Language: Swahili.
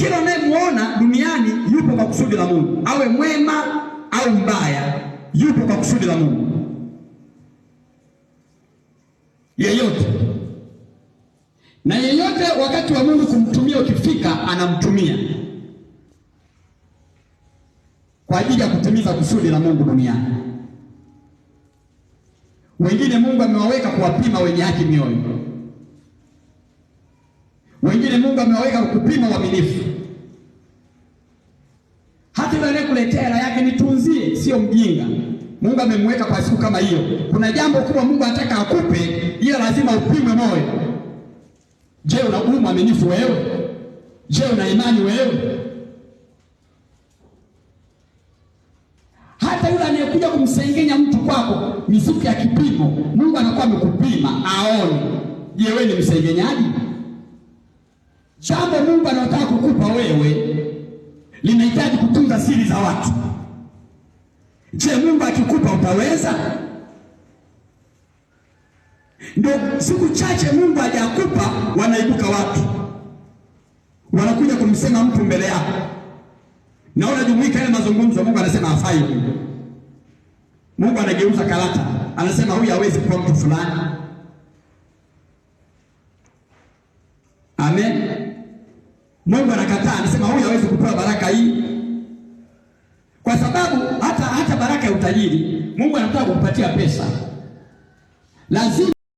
Kila unayemwona duniani yupo kwa kusudi la Mungu, awe mwema au mbaya, yupo kwa kusudi la Mungu. Yeyote na yeyote, wakati wa Mungu kumtumia ukifika, anamtumia kwa ajili ya kutimiza kusudi la Mungu duniani. Wengine Mungu amewaweka kuwapima wenye haki mioyo wengine Mungu amewaweka kupima uaminifu. Hata yule anayekuletea hela yake nitunzie, sio mjinga. Mungu amemweka kwa siku kama hiyo. Kuna jambo kubwa Mungu anataka akupe, ila lazima upimwe moyo. Je, una mwaminifu wewe? Je, una imani wewe? Hata yule anayekuja kumsengenya mtu kwako, misufu ya kipimo, Mungu anakuwa amekupima aone, je, wewe ni msengenyaji? Jambo Mungu anataka kukupa wewe linahitaji kutunza siri za watu. Je, Mungu akikupa utaweza? Ndio siku chache Mungu hajakupa, wanaibuka watu wanakuja kumsema mtu mbele yako, na unajumuika ile mazungumzo. Mungu anasema hafai. Mungu anageuza karata, anasema huyu hawezi kuwa mtu fulani Mungu anakataa, anasema huyu hawezi kupewa baraka hii, kwa sababu hata hata baraka ya utajiri Mungu anataka kukupatia pesa lazima